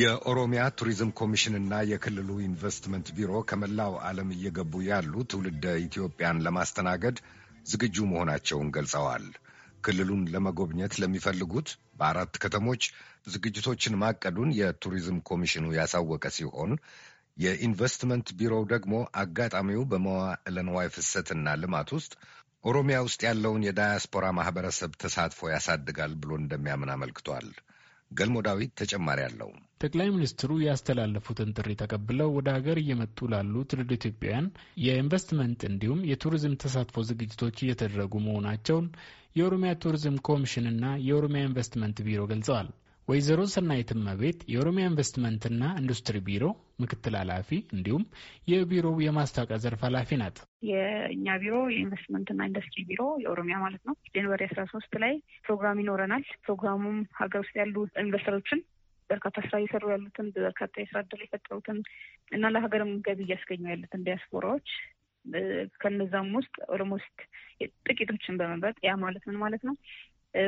የኦሮሚያ ቱሪዝም ኮሚሽንና የክልሉ ኢንቨስትመንት ቢሮ ከመላው ዓለም እየገቡ ያሉ ትውልደ ኢትዮጵያን ለማስተናገድ ዝግጁ መሆናቸውን ገልጸዋል። ክልሉን ለመጎብኘት ለሚፈልጉት በአራት ከተሞች ዝግጅቶችን ማቀዱን የቱሪዝም ኮሚሽኑ ያሳወቀ ሲሆን የኢንቨስትመንት ቢሮው ደግሞ አጋጣሚው በመዋዕለ ንዋይ ፍሰትና ልማት ውስጥ ኦሮሚያ ውስጥ ያለውን የዳያስፖራ ማህበረሰብ ተሳትፎ ያሳድጋል ብሎ እንደሚያምን አመልክቷል። ገልሞ ዳዊት ተጨማሪ አለው። ጠቅላይ ሚኒስትሩ ያስተላለፉትን ጥሪ ተቀብለው ወደ ሀገር እየመጡ ላሉ ትውልድ ኢትዮጵያውያን የኢንቨስትመንት እንዲሁም የቱሪዝም ተሳትፎ ዝግጅቶች እየተደረጉ መሆናቸውን የኦሮሚያ ቱሪዝም ኮሚሽንና የኦሮሚያ ኢንቨስትመንት ቢሮ ገልጸዋል። ወይዘሮ ሰናይት እመቤት የኦሮሚያ ኢንቨስትመንትና ኢንዱስትሪ ቢሮ ምክትል ኃላፊ እንዲሁም የቢሮው የማስታወቂያ ዘርፍ ኃላፊ ናት። የእኛ ቢሮ የኢንቨስትመንትና ኢንዱስትሪ ቢሮ የኦሮሚያ ማለት ነው። ጀንበሪ አስራ ሶስት ላይ ፕሮግራም ይኖረናል። ፕሮግራሙም ሀገር ውስጥ ያሉ ኢንቨስተሮችን በርካታ ስራ እየሰሩ ያሉትን በርካታ የስራ እድል የፈጠሩትን እና ለሀገርም ገቢ እያስገኙ ያሉትን ዲያስፖራዎች ከነዛም ውስጥ ኦልሞስት ጥቂቶችን በመምረጥ ያ ማለት ምን ማለት ነው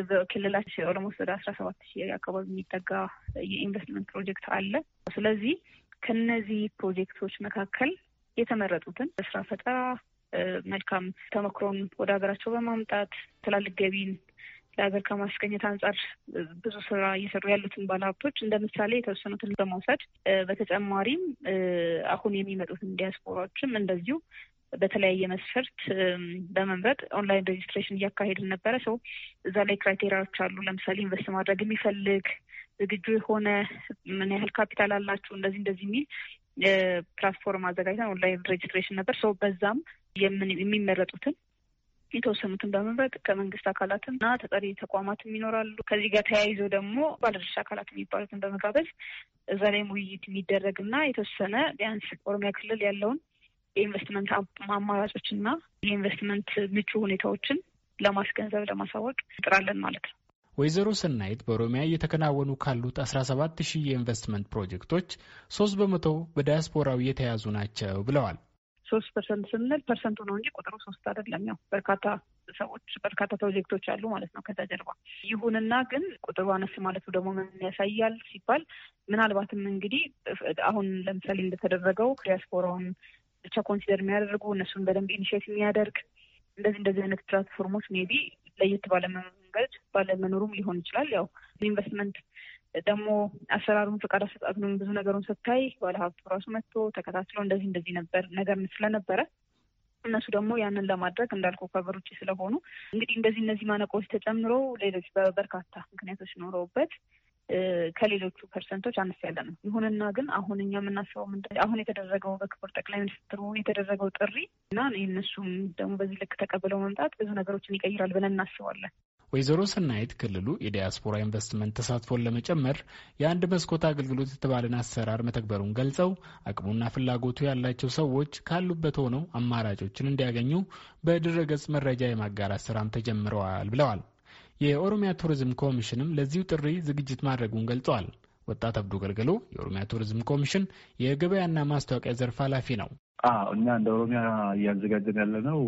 በክልላችን ኦልሞስት ወደ አስራ ሰባት ሺህ አካባቢ የሚጠጋ የኢንቨስትመንት ፕሮጀክት አለ። ስለዚህ ከነዚህ ፕሮጀክቶች መካከል የተመረጡትን በስራ ፈጠራ መልካም ተመክሮን ወደ ሀገራቸው በማምጣት ትላልቅ ገቢን ለሀገር ከማስገኘት አንጻር ብዙ ስራ እየሰሩ ያሉትን ባለሀብቶች እንደ ምሳሌ የተወሰኑትን በመውሰድ በተጨማሪም አሁን የሚመጡትን ዲያስፖራዎችም እንደዚሁ በተለያየ መስፈርት በመምረጥ ኦንላይን ሬጅስትሬሽን እያካሄድን ነበረ። ሰው እዛ ላይ ክራይቴሪያዎች አሉ። ለምሳሌ ኢንቨስት ማድረግ የሚፈልግ ዝግጁ የሆነ ምን ያህል ካፒታል አላችሁ፣ እንደዚህ እንደዚህ የሚል ፕላትፎርም አዘጋጅተን ኦንላይን ሬጅስትሬሽን ነበር። ሰው በዛም የሚመረጡትን የተወሰኑትን በመምረጥ ከመንግስት አካላትም እና ተጠሪ ተቋማትም ይኖራሉ። ከዚህ ጋር ተያይዞ ደግሞ ባለድርሻ አካላት የሚባሉትን በመጋበዝ እዛ ላይም ውይይት የሚደረግ እና የተወሰነ ቢያንስ ኦሮሚያ ክልል ያለውን የኢንቨስትመንት አማራጮች እና የኢንቨስትመንት ምቹ ሁኔታዎችን ለማስገንዘብ ለማሳወቅ እንጥራለን ማለት ነው። ወይዘሮ ሰናይት በኦሮሚያ እየተከናወኑ ካሉት 17 ሺህ የኢንቨስትመንት ፕሮጀክቶች ሶስት በመቶ በዲያስፖራው የተያዙ ናቸው ብለዋል። ሶስት ፐርሰንት ስንል ፐርሰንቱ ነው እንጂ ቁጥሩ ሶስት አይደለም። ያው በርካታ ሰዎች በርካታ ፕሮጀክቶች አሉ ማለት ነው ከዛ ጀርባ። ይሁንና ግን ቁጥሩ አነስ ማለቱ ደግሞ ምን ያሳያል ሲባል ምናልባትም እንግዲህ አሁን ለምሳሌ እንደተደረገው ዲያስፖራውን ብቻ ኮንሲደር የሚያደርጉ እነሱን በደንብ ኢኒሽቲ የሚያደርግ እንደዚህ እንደዚህ አይነት ፕላትፎርሞች ሜቢ ለየት ባለመንገድ ባለመኖሩም ሊሆን ይችላል። ያው ኢንቨስትመንት ደግሞ አሰራሩን ፈቃድ አሰጣጡን ብዙ ነገሩን ስታይ ባለሀብቱ ራሱ መጥቶ ተከታትሎ እንደዚህ እንደዚህ ነበር ነገር ስለነበረ እነሱ ደግሞ ያንን ለማድረግ እንዳልኩ ከሀገር ውጭ ስለሆኑ እንግዲህ እንደዚህ እነዚህ ማነቆዎች ተጨምሮ ሌሎች በበርካታ ምክንያቶች ኖረውበት ከሌሎቹ ፐርሰንቶች አነስ ያለ ነው። ይሁንና ግን አሁን እኛ የምናስበው ምንድን አሁን የተደረገው በክቡር ጠቅላይ ሚኒስትሩ የተደረገው ጥሪ እና እነሱም ደግሞ በዚህ ልክ ተቀብለው መምጣት ብዙ ነገሮችን ይቀይራል ብለን እናስባለን። ወይዘሮ ስናይት ክልሉ የዲያስፖራ ኢንቨስትመንት ተሳትፎን ለመጨመር የአንድ መስኮት አገልግሎት የተባለን አሰራር መተግበሩን ገልጸው አቅሙና ፍላጎቱ ያላቸው ሰዎች ካሉበት ሆነው አማራጮችን እንዲያገኙ በድረገጽ መረጃ የማጋራት ስራም ተጀምረዋል ብለዋል። የኦሮሚያ ቱሪዝም ኮሚሽንም ለዚሁ ጥሪ ዝግጅት ማድረጉን ገልጸዋል። ወጣት አብዱ ገልገሎ የኦሮሚያ ቱሪዝም ኮሚሽን የገበያና ማስታወቂያ ዘርፍ ኃላፊ ነው። እኛ እንደ ኦሮሚያ እያዘጋጀን ያለ ነው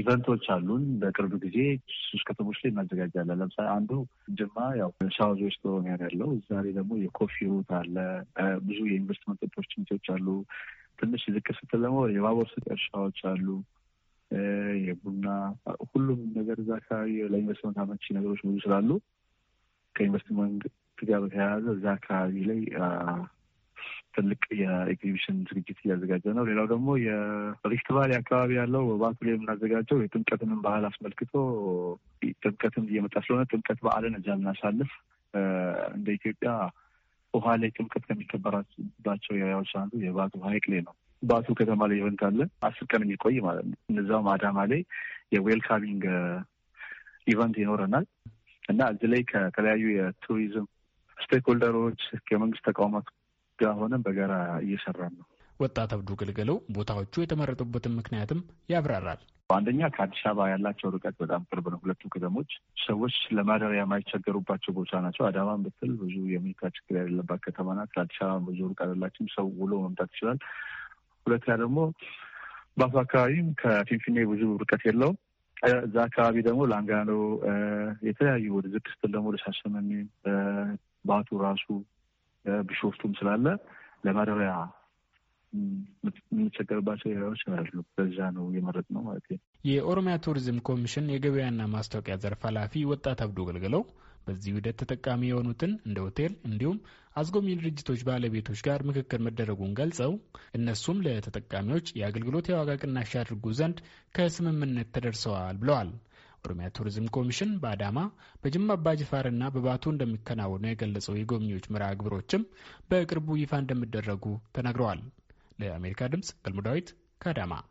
ኢቨንቶች አሉን። በቅርብ ጊዜ ሶስት ከተሞች ላይ እናዘጋጃለን። ለምሳሌ አንዱ ጅማ ያው ሻወዝ ዌስት ኦሮሚያ ያለው ዛሬ ደግሞ የኮፊ ሩት አለ። ብዙ የኢንቨስትመንት ኦፖርቹኒቲዎች አሉ። ትንሽ ዝቅ ስትል ደግሞ የባቡር ስጥ እርሻዎች አሉ። የቡና ሁሉም ነገር እዛ አካባቢ ለኢንቨስትመንት አመቺ ነገሮች ብዙ ስላሉ ከኢንቨስትመንት ጋር በተያያዘ እዛ አካባቢ ላይ ትልቅ የኤግዚቢሽን ዝግጅት እያዘጋጀ ነው። ሌላው ደግሞ የሪፍት ቫሊ አካባቢ ያለው በባቱ ላይ የምናዘጋጀው የጥምቀትንም ባህል አስመልክቶ ጥምቀትም እየመጣ ስለሆነ ጥምቀት በዓልን እዛ የምናሳልፍ እንደ ኢትዮጵያ ውሃ ላይ ጥምቀት ከሚከበራባቸው ያዎች አንዱ የባቱ ሀይቅ ላይ ነው። ባቱ ከተማ ላይ ኢቨንት አለ አስር ቀን የሚቆይ ማለት ነው። እነዛም አዳማ ላይ የዌልካሚንግ uh, ኢቨንት ይኖረናል እና እዚህ ላይ ከተለያዩ የቱሪዝም ስቴክሆልደሮች ከመንግስት ተቋማት ጋር ሆነን በጋራ እየሰራን ነው። ወጣት አብዱ ገልገለው ቦታዎቹ የተመረጡበትን ምክንያትም ያብራራል። አንደኛ ከአዲስ አበባ ያላቸው ርቀት በጣም ቅርብ ነው። ሁለቱ ከተሞች ሰዎች ለማደሪያ የማይቸገሩባቸው ቦታ ናቸው። አዳማን ብትል ብዙ የሚካ ችግር ያለባት ከተማ ናት። ከአዲስ አበባ ብዙ ርቀት ያላችም ሰው ውሎ መምጣት ይችላል። ሁለተኛ ደግሞ ባሱ አካባቢም ከፊንፊኔ ብዙ ርቀት የለውም። እዛ አካባቢ ደግሞ ላንጋኖ፣ የተለያዩ ወደ ዝክስትል ደግሞ ወደ ሻሸመኔ ባቱ ራሱ ቢሾፍቱም ስላለ ለማደሪያ የምንቸገርባቸው ሄራዎች አሉ። በዛ ነው የመረጥ ነው ማለት ነው። የኦሮሚያ ቱሪዝም ኮሚሽን የገበያና ማስታወቂያ ዘርፍ ኃላፊ ወጣት አብዶ ገልገለው በዚህ ሂደት ተጠቃሚ የሆኑትን እንደ ሆቴል እንዲሁም አዝጎብኚ ድርጅቶች ባለቤቶች ጋር ምክክር መደረጉን ገልጸው እነሱም ለተጠቃሚዎች የአገልግሎት የዋጋ ቅናሽ ያድርጉ ዘንድ ከስምምነት ተደርሰዋል ብለዋል። ኦሮሚያ ቱሪዝም ኮሚሽን በአዳማ በጅማ አባጅፋርና በባቱ እንደሚከናወኑ የገለጸው የጎብኚዎች መርሃ ግብሮችም በቅርቡ ይፋ እንደሚደረጉ ተናግረዋል። ለአሜሪካ ድምፅ ገልሞ ዳዊት ከአዳማ